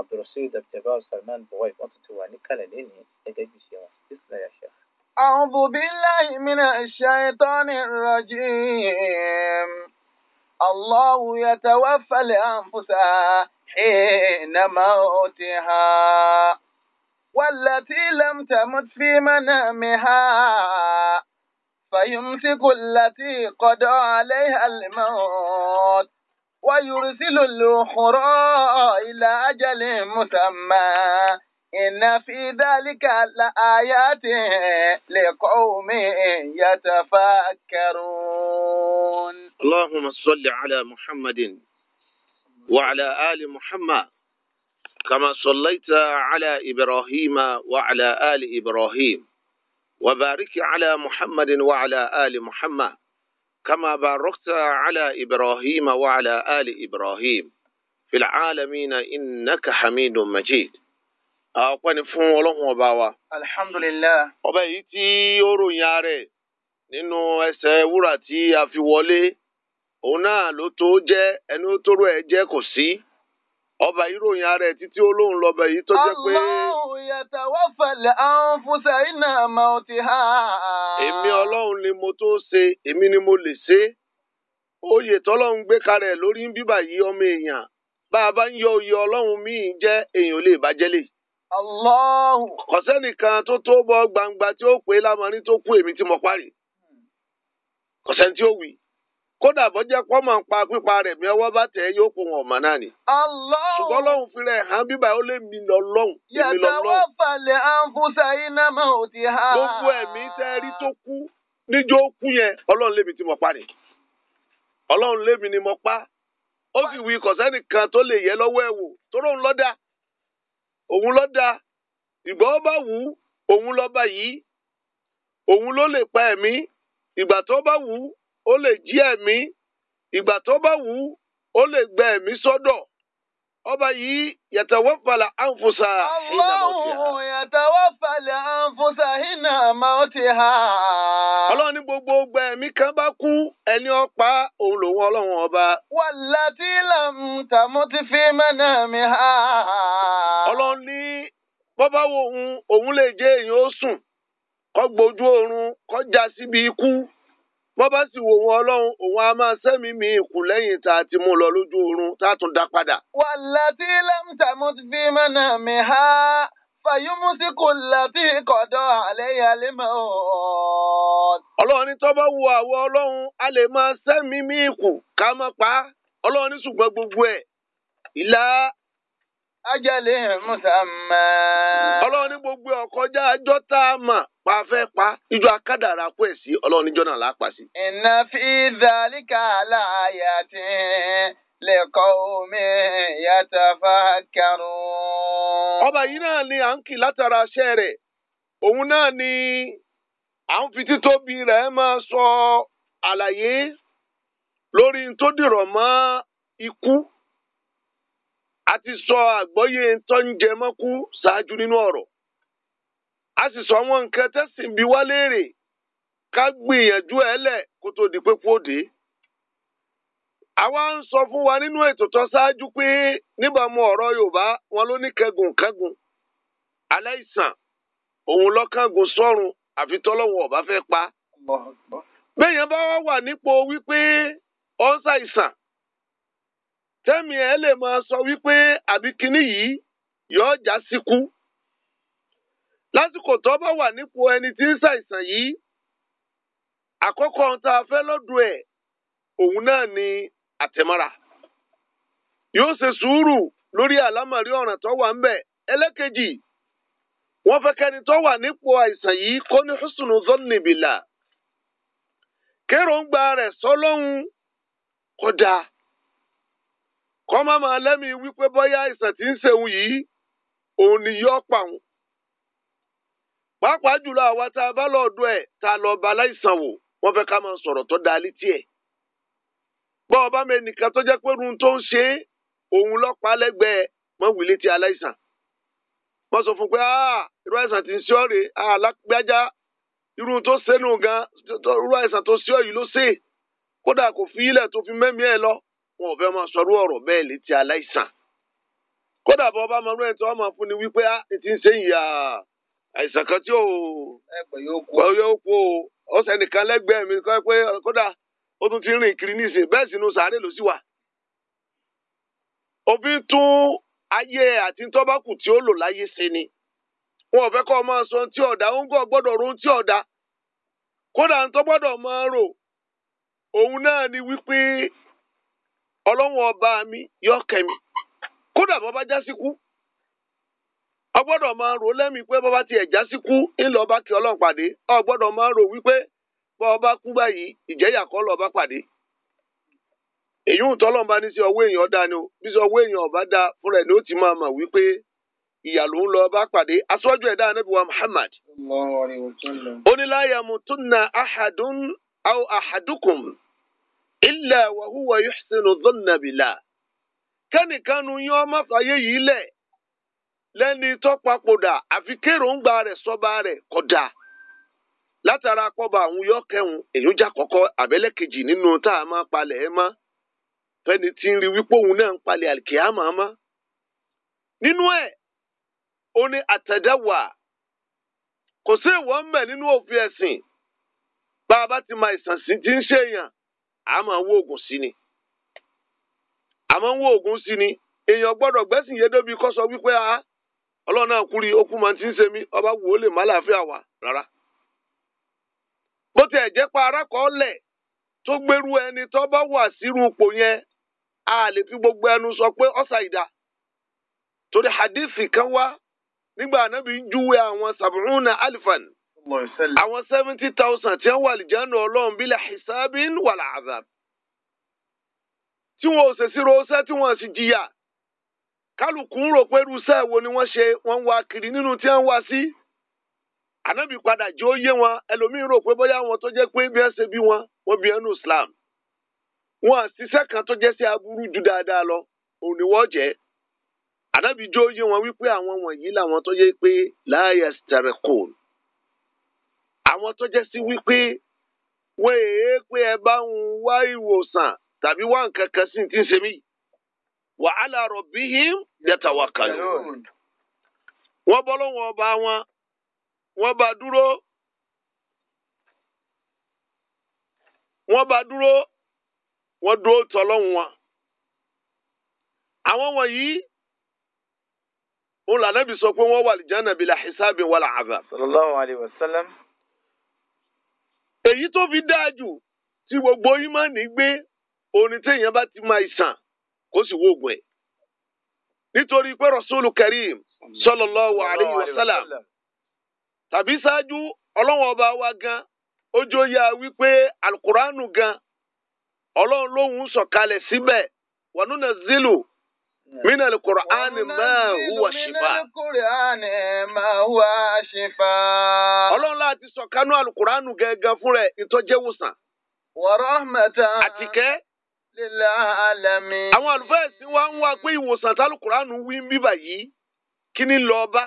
abdulrasheed abdulbaz salman buwai wọ́n tuntun wà níkàlẹ̀ lẹ́nìí gẹ́gẹ́ bí ṣe wọn bismillah sheikh. a'udhu billahi minash shaitanir rajim. الله يتوفى الأنفس حين موتها والتي لم تمت في منامها فيمسك التي قضى عليها الموت ويرسل الأخرى إلى أجل مسمى إن في ذلك لآيات لقوم يتفكرون اللهم صل على محمد وعلى آل محمد كما صليت على إبراهيم وعلى آل إبراهيم وبارك على محمد وعلى آل محمد كما باركت على إبراهيم وعلى آل إبراهيم في العالمين إنك حميد مجيد ọpẹ́ ni fún Ọlọ́run ọba wa. alhamdulilayi. ọba yìí tí ó ròyìn ààrẹ nínú ẹsẹ̀ wúrà tí a fi wọlé òun náà ló tó jẹ́ ẹni tó rò ẹ jẹ́ kò sí ọba ìròyìn ara ẹ̀ títí olóhùn lọ́bẹ̀ yìí tó jẹ́ pé. Allahu yatawaffal anfusa inna mawtiha. èmi ọlọ́run ni mo tó ṣe èmi ni mo lè ṣe é. oyè tọ́lọ́run gbé kalẹ̀ lórí ń bíbà yìí ọmọ èèyàn bá a bá ń yọ oyè ọlọ́run míì jẹ́ èèyàn lè bàjẹ́ lè. Allahu. kọ̀sẹ́nìkan tó tó bọ́ gbangba tí ó pè é lámarí tó kú èmi tí mo parí. kọ̀sẹ́ni tí ó wì í. kódà bọ́ jẹ́ pọ́ máa ń pa pípa rẹ̀ mi ọwọ́ bá tẹ̀ yóò fún wọn náà ni. ṣùgbọ́n lọ́hùn fi rẹ̀ hàn bíbá ó lé mi lọ lọ́hùn. yàtọ̀ wọ́n falẹ̀ àǹfùsà iná máa ò ti hà. gbogbo ẹ̀mí tẹ́ tó kú níjó kú yẹn ọlọ́run ni mo pa ó sì wí kọ̀sẹ́nì kan tó lè yẹ lọ́wọ́ bá wù ú ó lè jí ẹ̀mí ìgbà tó bá wù ú ó lè gba ẹ̀mí sọ́dọ̀ ọba yìí yàtọ̀wọ́fàlà ànfùsà hínà mọ́tì ha. ọlọ́run yàtọ̀wọ́fàlà ànfùsà hínà mọ́tì ha. ọlọ́run ní gbogbo gba ẹ̀mí kan bá kú ẹni ọ̀pá òun lòun ọlọ́run ọba. wàlàtí làmùtàmú ti fi mẹ́nà mi ha. ọlọ́run ní bọ́bá wo òun òun lè jẹ́ èèyàn ó sùn kó gbójú oorun kó já síbi ikú bọ́ bá sì wò wọn ọlọ́run òun á máa sẹ́mi mi ìkù lẹ́yìn tá a ti mú lọ lójú oorun tá a tún dá padà. wàlàtí lẹ́mtà mo ti fi mẹ́nà mi há fàyúmú sí kò láti kọ̀dọ̀ àlẹ́yà lẹ́mọ̀ ọ́. ọlọ́run ní tọ́bọ̀ wo àwọn ọlọ́run a lè máa sẹ́mi mi ìkù ká má pa á ọlọ́run ní ṣùgbọ́n gbogbo ẹ̀ ìlà. ajẹ́lẹ̀ mùsàmá. ọlọ́run ní gbogbo ọ̀kọ́jà àjọ tá a mà pa fẹ́ pa ìjọ akádàrà kú ẹ̀ sí ọlọ́run níjọ́ náà lápá sí. iná fi dàlíkà láàyè àti lẹ́kọ̀ọ́ omi yàtọ̀ fàkàrọ̀. ọba yìí náà ni à ń kì látara aṣẹ́ rẹ̀ òun náà ni à ń fi títóbi rẹ̀ máa sọ àlàyé lórí tó dìrọ̀ mọ́ ikú àti sọ àgbọ́yé tó ń jẹ mọ́kú ṣáájú nínú ọ̀rọ̀. a sì sọ àwọn nǹkan tẹ́sìn bí wá léèrè ká gbìyànjú ẹ lẹ̀ kó tó di pé fòde. àwa ń sọ fún wa nínú ètò tó ṣáájú pé níbàámu ọ̀rọ̀ yorùbá wọn ló ní kẹgùn kẹgùn aláìsàn òun lọ́kàngùn sọ́run àfi tọ́lọ́wọ̀n ọ̀bá fẹ́ pa. béèyàn bá wá wà nípò wípé ọ ń ṣàìsàn tẹ́mi ẹ̀ lè máa sọ wípé àbí kinní yìí yọ̀ọ́ já síkú. lásìkò tó bá wà nípò ẹni tí ń ṣàìsàn yìí àkọ́kọ́ ohun tá a fẹ́ lọ́dọ̀ ẹ̀ òun náà ni àtẹ̀mọ́ra yóò ṣe sùúrù lórí àlámọ̀rí ọ̀ràn tó wà ń bẹ̀ ẹlẹ́kejì wọ́n fẹ́ kẹ́ni tó wà nípò àìsàn yìí kó ní húsùnù kéròǹgbà rẹ̀ sọ́lọ́hún ni yọ́ pàápàá jùlọ àwa tá a bá lọ́ọ̀dọ̀ ẹ̀ tá a lọ́ọ́ ba aláìsàn wò wọ́n fẹ́ ká máa sọ̀rọ̀ tó da létí ẹ̀. bọ́ ọba mi nìkan tó jẹ́ pé irun tó ń ṣe é òun lọ́pàá lẹ́gbẹ̀ẹ́ mọ́ wí létí aláìsàn. wọ́n sọ fún pé irú àìsàn ti ń ṣe ọ́ rè é alágbájá irun tó sẹ́nu gan irú àìsàn tó ṣe ọ́ yìí ló ṣe é kódà kò fi ilẹ̀ tó fi mẹ́mí ẹ̀ lọ wọn ò fẹ́ máa sọ̀rọ̀ ọ̀rọ̀ bẹ́ẹ̀ létí aláìsàn. kódà bọ́ ọba mọ̀ọ́rọ̀ ẹ̀ tó ọmọ fún ni wípé ti ń ṣe ìyá àìsàn kan tí ò pẹ̀ yóò kú o lẹ́gbẹ̀ẹ́ tún ti rìn kiri nísìnyí bẹ́ẹ̀ sínú sàárè ló sì wà. òbí tún ayé àti tọ́bákù tí ó lò láyé ṣe ni wọn ò ọmọ sọ ohun tí ọ̀dà ó ń gbọ́ gbọ́dọ̀ ro ohun tí ọ̀dà kódà ń tọ́ gbọ́dọ̀ ọba mi yọ kẹ́mi kódà bọ́ bá já síkú ọ gbọ́dọ̀ máa rò lẹ́mìí pé bọ́ba ti ẹ̀já sí kú ńlọ bá kí ọlọ́run pàdé ọ gbọ́dọ̀ máa rò wípé ọba kú báyìí ìjẹ́yà kọ́ lọ́ọ̀bá pàdé. èyí ń tọ́lọ́n bá ní sí ọwọ́ èèyàn dáa ni o bí sọ ọwọ́ èèyàn ọba fúnra wípé ìyà ló ń pàdé aṣọ́jú ẹ̀dá Muhammad. ahadun aw lẹ́ni tọ́papòdà àfi kéròǹgbà rẹ̀ sọ́ba rẹ̀ kọ̀dà látara pọ́ba àwọn yọ kẹhùn èyún já kọ́kọ́ àbẹ́lẹ́ kejì nínú tá a máa palẹ̀ ẹ má. fẹ́ni tí ń rí wípé òun náà ń palẹ̀ àlìkìyàmà mọ́ nínú ẹ̀ O ní àtẹ̀dáwà kò sí ìwọ́n mẹ́ nínú òfin ẹ̀sìn bá a bá ti máa ìsànsìn tí ń ṣèyàn a máa ń wo oògùn sí ni a máa ń wo oògùn sí ni èèyàn gbọ́dọ̀ gbẹ́sìn yé débi wípé a. ọlọ́run náà kúri okú máa ti ń ṣe mí ọba wò ó lè má láàfin àwa rárá. bó tiẹ̀ jẹ́ pa arákọ̀ọ́lẹ̀ tó gbérú ẹni tó bá wà sírú ipò yẹn a lè fi gbogbo ẹnu sọ pé ọ̀sà ìdá torí hadithi kan wá nígbà anábì ń júwe àwọn sàbùrùnà alifan àwọn seventy thousand tí wọ́n wà lìjánu ọlọ́run bílẹ̀ hisabin wàlà tí wọn ò ṣèṣirò ọsẹ tí wọn sì jìyà kálukú ń rò pé irúṣẹ́ wo ni wọ́n ṣe wọ́n ń wá kiri nínú tí wọ́n ń wá sí. ànábì padà jẹ́ ó yé wọn ẹlòmíín rò pé bóyá wọn tó jẹ́ pé bí wọ́n ṣe bí wọn wọ́n bí ẹnu Islam. wọn àṣìṣe kan tó jẹ́ sí aburú ju dáadáa lọ òun ni wọ́n jẹ́. ànábì jẹ́ ó yé wọn wípé àwọn wọ̀nyí làwọn tó jẹ́ pé láàyè sítẹ̀rẹ̀ kòl. àwọn tó jẹ́ sí wípé wọ́n èé pé ẹ bá ń wá ìwòsàn tàbí wá nǹkan kan sí ti ń ṣe mí yìí wa ala rabbihim yatawakkalun. wọ́n bọ́ lọ́wọ́ ọba wọn wọ́n bá dúró wọ́n bá dúró wọ́n dúró tọ́lọ́hún wọn. àwọn wọ̀nyí òun lànàbì sọ pé wọ́n wà lìjánà bila hisabin wala azab. sallallahu alayhi wa sallam. èyí tó fi dáa jù tí gbogbo yín máa ní gbé orin téèyàn bá ti máa ìsàn kó sì wó oògùn ẹ̀. nítorí pé rasulu karim sallallahu alayhi wa sallam tàbí ṣáájú ọlọ́wọ́n ọba wa gan ojú ó yá wípé alukuraanu gan ọlọ́run lóhùn sọ̀kalẹ̀ síbẹ̀ wọnúnà zilu mina alukur'ani máa huwa shifa. ọlọ́run láti sọ̀kanú alukur'anu gẹ́gẹ́ fún rẹ̀ ìtọ́jẹ́wòsàn. wa rahmatan. àtìkẹ́. àwọn àlùfáà ẹ̀sìn wa ń wá pé ìwòsàn tálùkùránù wí ń bíbà yìí kí ni lọ bá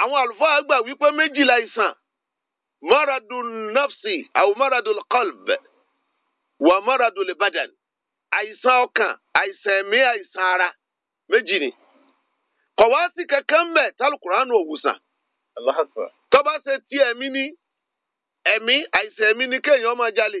àwọn àlùfáà gbà wípé méjìlá ìsàn maradun nafsi àwọn maradun qalb wà maradun libadan àìsàn ọkàn àìsàn ẹ̀mí àìsàn ara méjì ni kọ̀wáàsì kankan ń bẹ̀ tálùkùránù òwòsàn tọ́ba ṣe ti ẹ̀mí ni ẹ̀mí àìsàn ẹ̀mí ni kéèyàn máa jalè.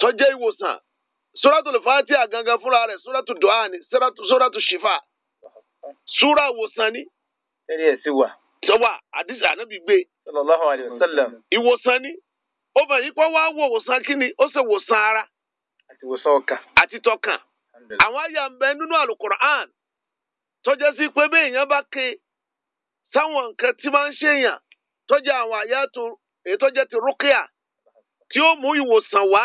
tó jẹ́ ìwòsàn suratu al-fatiha gangan fúnra rẹ̀ suratu du'a ni suratu shifa sura wosani. ni. ẹni ẹ sì wà. sọwọ àdìsí sallallahu alayhi wa sallam. ìwòsàn ni ó fẹ́ yí pé wọ́n á wo ìwòsàn kínni ó sì wòsàn ara. àti wòsàn ọkàn. àti tọkàn. àwọn àyà ń bẹ nínú alukur'an tó jẹ́ sí pé bẹ́ẹ̀ yẹn bá ké sáwọn nǹkan tí máa ń ṣèyàn tó jẹ́ àwọn àyà tó èyí ti rúkìá tí ó mú ìwòsàn wá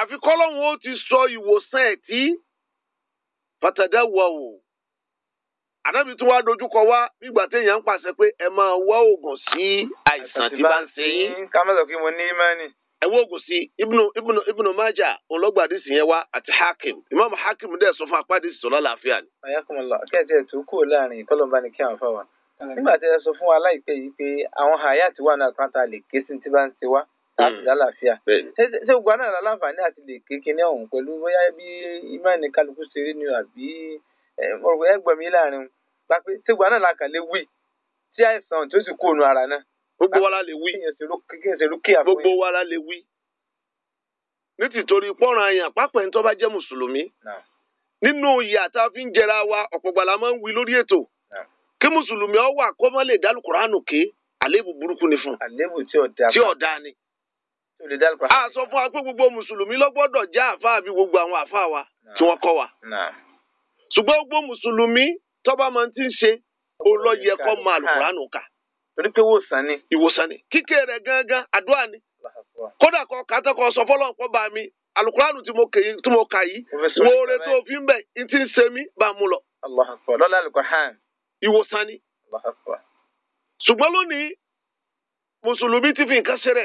àfi kọ́lọ́hún ó ti sọ ìwòsàn ẹ̀ tí fàtàdá wà o tí wàá dojúkọ wá nígbà téèyàn ń pàṣẹ pé ẹ máa wá oògùn sí àìsàn tí bá ń yín. ká má sọ pé ní mẹ́rin ẹ wá oògùn sí ibùnú ibùnú Maja, májà olọgbàdìsí yẹn wá àti hakim hakim dẹ̀ sọ fún ni. kẹ́ẹ̀tì ẹ̀ tó kú láàrin ìkọlọ́mbá ni àwọn wa láìpẹ́ láti hmm. lálàáfíà ṣé gbogbo àná láǹfààní àti lè kékeré ọ̀hún pẹ̀lú bóyá bí imáàní kálukú ṣe rí ni àbí ọ̀rọ̀ ẹgbẹ̀rún mi láàrin gba pé ṣé gbogbo àná la kàn lè wí tí àìsàn tó sì kú ònú ara náà. gbogbo wa la lè wí gbogbo wa la lè wí nítìtorí pọ́nrán àyàn pápẹ́ ní tó bá jẹ́ mùsùlùmí nínú oyè àtàfi ń jẹra wa ọ̀pọ̀gbàlà máa ń wí lórí ètò kí mùsùlùmí ọ wà kó má lè dálù ké àléébù burúkú ni fún un tí ọ̀dà ni. a sọ fún gbogbo mùsùlùmí ló jẹ́ àáfàá bí gbogbo àwọn àáfàá wa tí wọ́n kọ́ wa. ṣùgbọ́n gbogbo mùsùlùmí tọ́ba máa ti ń ṣe olóyè kọ́ máa torí pé ni. ìwòsàn ni gangan àdúrà ni. kódà kọ sọ fọlọ́n pọ́ bá mi alukuraanu tí mo kà yìí wo re tó fi ń n ti ń ṣe ni. ṣùgbọ́n lónìí fi nǹkan ṣe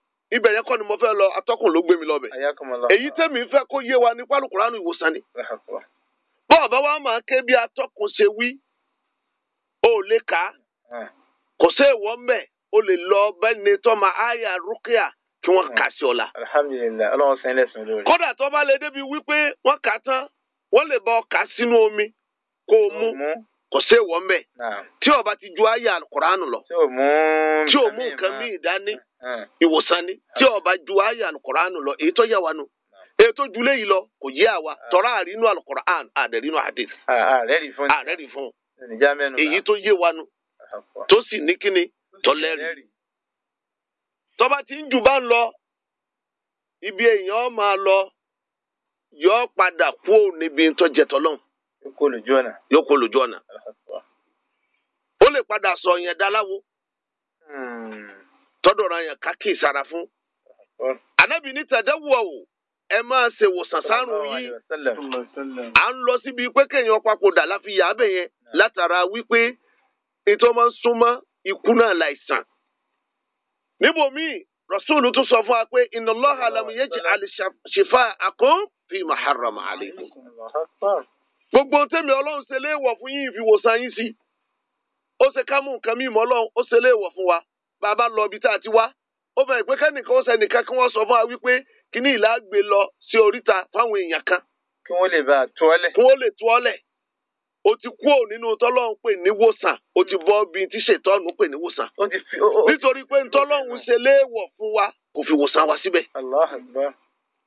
ibẹ̀ yẹn kọ́ ni mo fẹ́ lọ atọ́kùn ló gbé mi lọ bẹ̀. èyí tẹ́mi fẹ́ kó yé wa ní pálukùránù ìwòsàn ni. bọ́ọ̀bá wa máa ké bí atọ́kùn ṣe wí ó lè kà kò sí èèwọ̀ mbẹ́ ó lè lọ bẹ́ẹ̀ ni tọ́ ma àyà rúkìá kí wọ́n kà sí ọ̀la. omi kó o kò sí ìwọ mbẹ tí o bá ti ju ayé alukuraanu lọ tí o mú nǹkan míì dání ìwòsàn ni tí o bá ju ayé alukuraanu lọ èyí tó yẹ wa nu èyí tó ju léyìí lọ kò yé àwa tọ́ra àrínú alukuraanu àdẹ̀rínú hadith àrẹ́rì fún èyí tó yé wa nu tó sì ní kíni tọ́lẹ́rì tọ́ba ti ń jù bá ń lọ ibi èèyàn máa lọ yọ padà kúò níbi tó jẹ tọ́lọ́hún. yóò kó lójú ọ̀nà. ó lè padà sọ yẹn dáláwo. Hmm. tọ́dọ̀ ra yẹn ká fún. ànábì ní tàdáwò o ẹ máa ṣe wòsàn sárùn yìí. à ń lọ síbi pé kéèyàn papòdà láfiyà abẹ yẹn hmm. látara wípé rasulu tún fún wa pé fi gbogbo tèmi Ọlọrun ṣe léèwọ̀ fún yín ìfìwòsàn yín sí ó ṣe ká mú nǹkan mímọ́ ọlọ́run ó ṣe léèwọ̀ fún wa bàbá lọ ibi tá a ti wá ó fẹ́ pé kẹ́nìkan ó sẹ́nìkan kí wọ́n sọ fún wa wípé kíní ìlà gbé lọ sí oríta fáwọn èèyàn kan. kí wọ́n lè bá a tú ọ́lẹ̀. kí wọ́n lè tú ọ́lẹ̀ o ti kúrò nínú tọ́lọ́run pè ní wòsàn o ti bọ bí tí ṣètọ́nù pè ní wòsàn. nítorí pé ntọ́lọ́run ṣe léèwọ̀ fún wa kò fi wòsàn wa síbẹ̀. Allah Akbar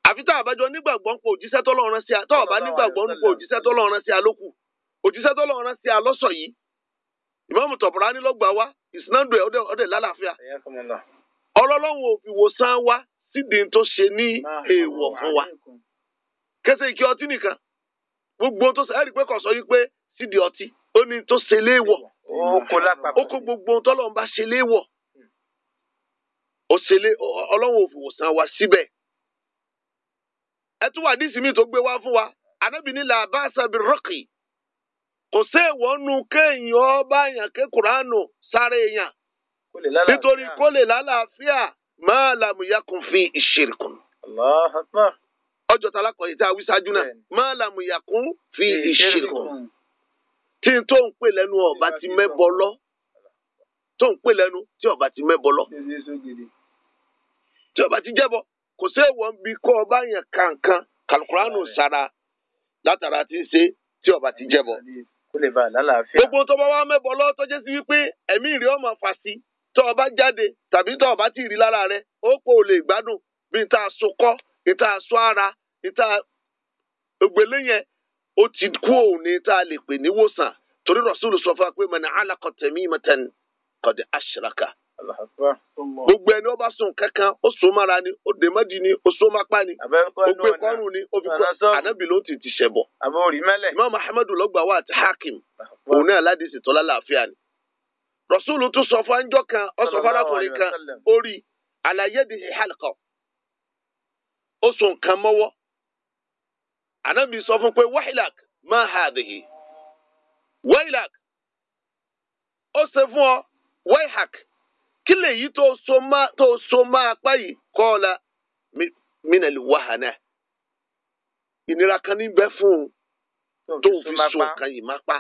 àfi tá a bá jọ nígbàgbọ́ ń pò òjíṣẹ́ tọ́lọ́run rán sí a tá a bá nígbàgbọ́ ń pò òjíṣẹ́ tọ́lọ́run rán sí a lókù òjíṣẹ́ tọ́lọ́run rán sí a lọ́sọ̀ yìí ìmáàmù Tọ̀bùránì ló gbà wá ìsìnàdùn ẹ̀ ọ̀dẹ̀ lálàáfíà ọlọ́lọ́run ò fi wòsàn wa sídìí tó ṣe ní èèwọ̀ fún wa kẹsẹ̀ ìkí ọtí nìkan gbogbo tó ṣe ẹ̀rí pé kò sọ yìí pé sídìí ọtí ó ní tó ṣe léèwọ̀ ó kó gbogbo tọ́lọ́run bá ṣe léèwọ̀ ọlọ́run ò fi wòsàn wa síbẹ̀ ẹ tún wà dísì mi tó gbé wá fún wa anábì ní la bá sàbí rọ́ọ̀kì kò séèwọ́ nu kéèyàn ọba èèyàn ké kuránù sáré yàn. nítorí kó lè lálàáfíà máa làmúyàkùn fi ìṣirkùn. ọjọ́ tá a lákọ̀ọ́ yìí tá a wí ṣáájú náà máa làmúyàkùn fi ìṣirkùn tí n tó ń pè lẹ́nu ọba ti mẹ́bọ lọ tó ń pè lẹ́nu tí ọba ti mẹ́bọ lọ tí ọba ti jẹ́bọ. kò séèwọ̀ ìwọ̀n bí kọ́ ọba yẹn kankan kàlùkùránù sara látara ti ṣe tí ọba ti jẹ́ bọ. gbogbo tó bá mẹ́bọ̀ lọ́wọ́ tó jẹ́ sí wípé ẹ̀mí ìrì ọmọ fà sí ọba jáde tàbí tó ọba ti rí lára rẹ ó lè gbádùn bí so kọ́ n so ara n ta ògbélé yẹn ó ti kú tá a torí sọ fún wa pé mọ̀tẹ́ni kọ̀dẹ̀ gbogbo ẹni ọba sùn kankan ó sùn mára ni ó dè mọ́dì ni ó sùn mápá ni ó gbé kọ́rùn ni ó fi kọ́ ànábì ló ti ti ṣẹ̀ bọ̀. Imam Muhammadu lọ́gbà wa àti Hakim òun náà aládìí sì tọ́lá làáfíà ni. Rọ̀súlù tún sọ fún ẹnjọ́ kan ó sọ fún arákùnrin kan orí àlàyé di halqa ó sùn kan mọ́wọ́ ànábì sọ fún pé wáhílàk máa ha àdìhì wáhílàk ó ṣe fún ọ wáhílàk. kí lèyí tó so má tó so máa apá yìí kọ́ọ̀la mínàlì kan ní fún tó fi so kan yìí má pa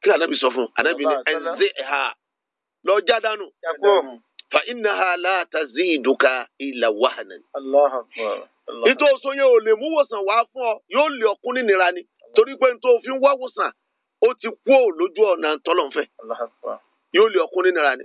kí lànàbì sọ fún un ànàbì ní ẹnzẹ ha lọ já dànù fa iná ha láta zí ìdúkà ìlà wàhánà. ìtò so yẹn ò lè mú wòsàn wá fún ọ yóò lè ọkún ní nira ni torí pé nítorí òfin wá wòsàn ó ti kú ò lójú ọ̀nà yóò lè ọkún ní nira ni.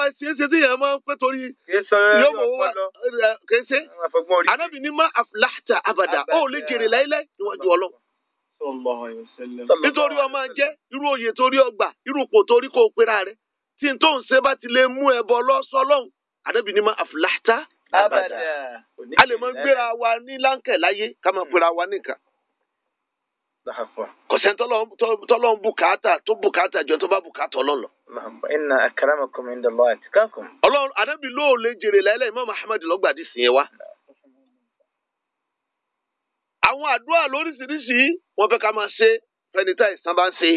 ọ̀rọ̀ ẹ̀sìn ẹ̀sìn tí yẹn máa ń pẹ́ torí yóò mọ̀ wá kì í ṣe anábì ní má àfúláàtà àbàdà jèrè láíláí níwájú nítorí ọmọ irú oyè torí ọgbà irú a lè gbéra wa ní láyé ká máa hmm. wa kọsẹ́ntọ́lọ́ tọ́lọ́ ń bùkátà tó bùkátà jọ tó bá bùkátà ọlọ́lọ́. inna akramakum inda Allah atqakum. ọlọ́run ànábì ló lè jèrè láìláì mọ́ Muhammad lọ́gbàdì sìn yẹn wá. àwọn àdúrà lóríṣiríṣi wọn fẹ́ ká máa ṣe fẹ́nitá ìsàn bá ń ṣe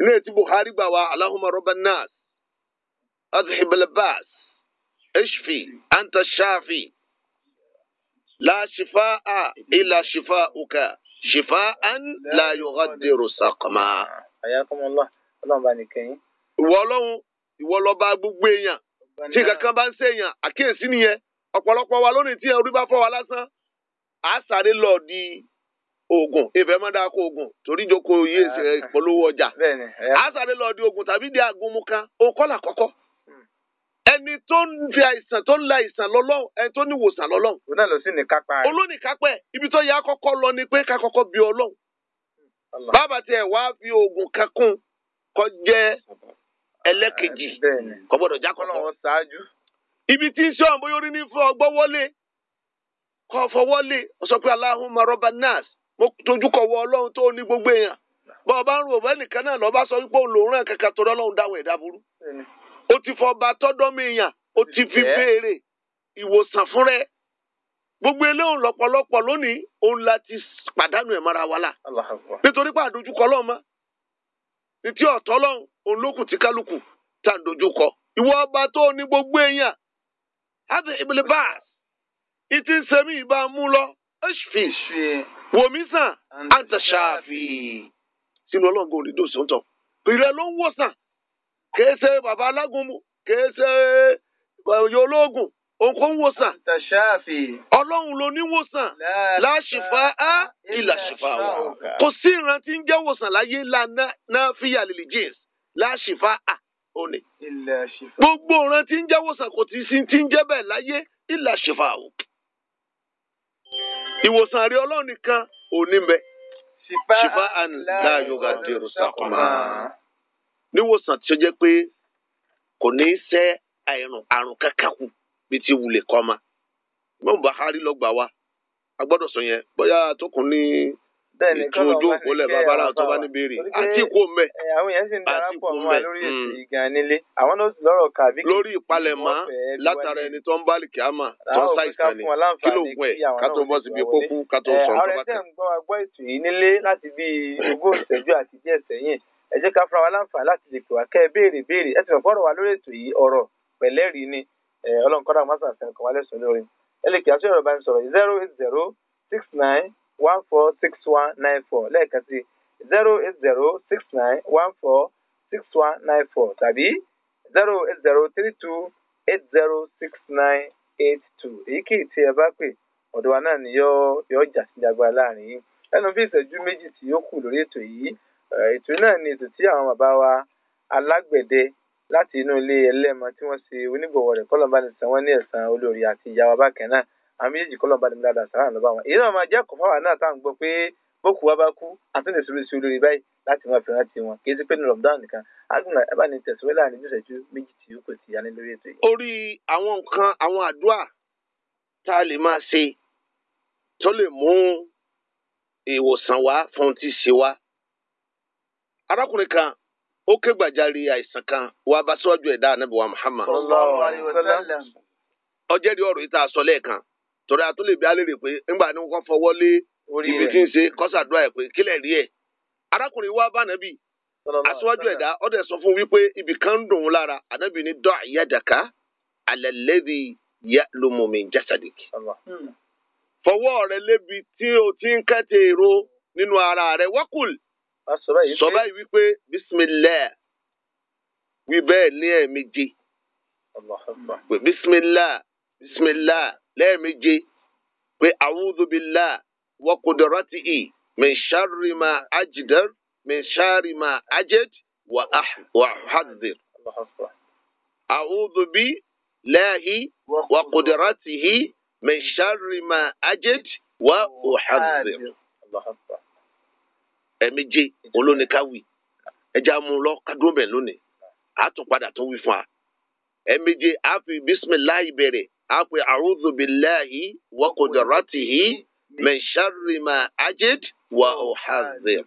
ilé tí Buhari gbà wá Allahumma rabban nas adhhib al-ba's ishfi anta shafi la shifaan la yughadiru saqama. àyàkùnmọ́lá ọlọ́run bá nìkan yín. ìwọ ọlọ́run ìwọ lọ́ba gbogbo èèyàn tí kankan bá ń ṣèyàn àkíyèsí nìyẹn ọ̀pọ̀lọpọ̀ wa lónìí tí orí bá fọ́ wa lásán à á sáré lọ di oògùn ìfẹ́ mọ́ dáa kó oògùn torí jókòó yé ah. ìpolówó ọjà à á sáré lọ di oògùn tàbí di agunmu kan òun kọ́ là kọ́kọ́ ẹni tó ń fi àìsàn tó ń la àìsàn lọ́lọ́run ẹni tó ní ìwòsàn lọ́lọ́run. òun náà lọ sí nìkápá rẹ̀. olónìkápẹ́ ibi tó yẹ akọ́kọ́ lọ ni pé ká kọ́kọ́ bi ọlọ́run. bàbá tiẹ̀ wá fi oògùn kan kún kó jẹ́ ẹlẹ́kejì kò gbọ́dọ̀ já kọ́kọ́. ọlọ́run ṣáájú. ibi tí ń ṣe ọ̀n bóyá orí ní fún ọgbọ́ wọlé kọ́ fọwọ́lé ó sọ pé Allahumma rabban nas mo tójú wọ ọlọ́run tó ní gbogbo èèyàn bọ́ọ̀ bá ń rò nìkan náà lọ́ọ́ bá sọ wípé òun lòún ràn kankan torí ọlọ́run dáhùn ẹ̀dá burú. O ti fọba tọ́dọ́mọ èèyàn o ti fi béèrè ìwòsàn fún gbogbo eléhùn lọpọlọpọ lónìí òun la ti pàdánù ẹ̀ mọ́ra wa nítorí pé àdójúkọ lọ́wọ́ ti òun lókùn tí kálukú tá dojúkọ ìwọ ọba tó ní gbogbo èèyàn ìbá mú lọ kìí ṣe bàbá alágúnmu kìí ṣe yọ eh, ológun òǹkó ń wòsàn. tàṣáàfì. ọlọ́run ló ní wòsàn láṣìfà á ìlàṣìfà wà. kò sí ìran tí ń jẹ́ wòsàn láyé lana náà fìyà lè jeans láṣìfà á òní. gbogbo ìran tí ń jẹ́ wòsàn kò tí ti ń jẹ́ bẹ́ẹ̀ láyé ìlàṣìfà wò. ìwòsàn rí ọlọ́run nìkan òní ń bẹ. ṣìfà á láàyò gàdérò sàkómà níwòsàn tí ó jẹ́ pé kò ní í ṣẹ́ àrùn àrùn kankan kù bí ti wulẹ̀ kọ́ ma mọ Buhari lọ gbà wá a gbọ́dọ̀ sọ yẹn bóyá tó ní ìtú ojú òpó lẹ tó bá ní béèrè àti ìkó mẹ àti ìkó mẹ hmm. lórí ìpalẹ̀mọ́ látara ẹni tó ń bá lìkì àmà tó ń ṣàìsàn ni kí ló wẹ ká tó bọ́ síbi pópó ká tó sọ nípa kan. àwọn ẹ̀sẹ̀ ń gbọ́ agbọ́ ìtù yìí nílé láti bíi ogún ìṣẹ́jú àti díẹ̀ sẹ́yìn ẹ jẹ́ ká fúnra wa láǹfààní láti lè pè wá kẹ́ ẹ béèrè béèrè ẹ sì mọ̀ fọ́rọ̀ wa lórí ètò yìí ọ̀rọ̀ pẹ̀lẹ́rì ni ọlọ́run kọ́dà mọ́sàn fẹ́ kàn wá lẹ́sùn lórí ẹ lè kí àti ọ̀rọ̀ ń sọ̀rọ̀ zero eight zero six nine one four six one nine four lẹ́ẹ̀kan sí zero eight zero six nine one four six one nine four tàbí zero eight zero three two eight zero six nine eight two èyíkéyìí tí ẹ bá pè ọ̀dọ̀ wa náà ni yọ jà sí jagbara láàrin yìí ẹnu bí ìṣẹ́jú méjì tí yóò kù lórí ètò yìí ètò eh, náà ni ètò tí àwọn bàbá wa alágbẹ̀dẹ láti inú ilé ẹlẹ́mọ tí wọ́n ṣe onígbọ̀wọ́ rẹ̀ kọ́lọ́mbà ní sàn wọ́n ní ẹ̀sán olórí àti ìyá wa bákan náà àwọn méjèèjì kọ́lọ́mbà ní dáadáa sàrà lọ́ba wọn. èyí náà máa jẹ́ kọ̀fà wà náà táwọn gbọ́ pé bókù wa bá kú àtúndì sórí sí olórí báyìí láti máa fi rántí wọn kì í sí pé ní rọ̀bùdán nìkan agbọ̀nà ẹ bá ní tẹ̀síwẹ́ láàrin arákùnrin kan ó ké aisan kan wàá bá síwájú ẹ̀dá anábìwá Muhammad. ọjẹ́ rí ọ̀rọ̀ yìí a sọ lẹ́ẹ̀kan torí a tó lè bí pé ńgbà ni wọ́n fọwọ́ lé ibi tí ń ṣe ẹ̀ pé kílẹ̀ rí ẹ̀. arákùnrin wa bá nàbì aṣíwájú ẹ̀dá ọ̀dẹ̀ sọ fún wípé ibì kan ń dùn lára ànábì ní dọ́ àyàdàká alẹ́lẹ́dì yá lomomi jasadik. fọwọ́ rẹ lébi tí o ti ń kẹ́tẹ̀ èrò nínú ara rẹ wákùl sọ báyìí wípé bisimilayi wí bẹ́ẹ̀ ní ẹ̀ẹ̀méje pé bisimilayi bisimilayi lẹ́ẹ̀méje pé awúdubila wakudarati i mẹsàrìmà ajidar mẹsàrìmà ajed wà ah, hadir. أعوذ بالله وقدرته من شر ما أجد وأحذر الله أكبر ẹ̀ẹ̀méje olóníkàwí ẹja mú lọ kádùn bẹ̀ lónìí àtún padà tún wí fún wa ẹ̀ẹ̀méje àfi bisimilahi bẹ̀rẹ̀ àfi àrùzùbìláhi wàkùdàrátìhì mẹ̀nsárìmà ajid wà òhàzìr.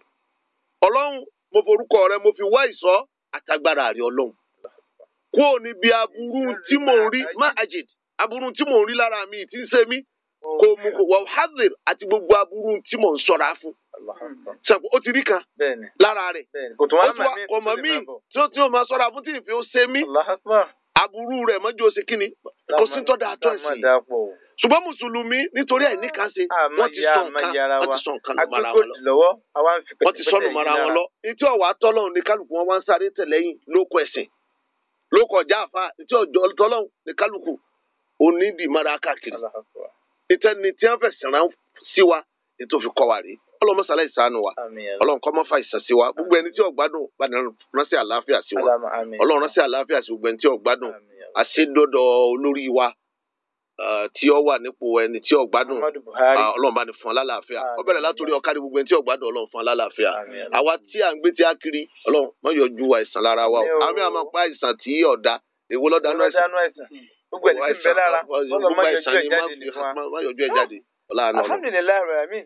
ọlọ́run mo forúkọ rẹ mo fi wá ìsọ àtagbára rẹ ọlọ́run kúò níbi aburú tí mò ń rí má ajid aburú tí mò ń rí lára mi ti kó mu kó wà hadir àti gbogbo aburú tí mò ń sọ̀rọ̀ á fún. sàpò ó ti rí kan lára rẹ̀ ó ti wà kọ̀mọ̀ míì tí ó ti máa sọ̀rọ̀ àfún tí ìfẹ́ ó ṣe mí aburú rẹ̀ mọ́jú oṣù kínní kò sí tọ́ da àtọ́ ẹ̀sìn ṣùgbọ́n mùsùlùmí nítorí ẹ̀ nìkan ṣe wọ́n ti sọ nǹkan wọ́n wọn lọ wọ́n ti sọnù mara wọn lọ etí ọ̀wà tọ́lọ́hún ní kálukú wọn wá ń sáré tẹ̀lẹ́yìn lóko ẹ̀sìn lóko ọjà àfa etí ọjọ́ tọ́lọ́hún ní kálukú onídìí mara káàkiri ìtẹ́ni tí wọ́n fẹ̀sìn rán sí wa ní tó fi kọ́ wa rí ọlọ́run mọ́sálá ìsànù wa ọlọ́run kọ́ mọ́fà ìsàn sí wa gbogbo ẹni tí ó gbádùn padà ránṣẹ́ àlàáfíà sí wa ọlọ́run ránṣẹ́ àlàáfíà sí gbogbo ẹni tí ó gbádùn àṣedọ́dọ̀ olórí wa tí ó wà nípò ẹni tí ó gbádùn ọlọ́run bá ní fún alálàáfíà ó bẹ̀rẹ̀ látòrí ọ̀kárí gbogbo ẹni tí ó gbádùn ọlọ́run fún alálàáfíà àwa tí à ń gbé tí a kiri ọlọ́run má yọjú àìsàn lára wa o àmì àmọ́ pa àìsàn tí ọ̀dà èwo lọ́dà gbogbo ẹni tí ń bẹ lára ọlọ́run má yọjú ẹ̀ jáde nìkan alhamdulilayi rẹ̀ mi.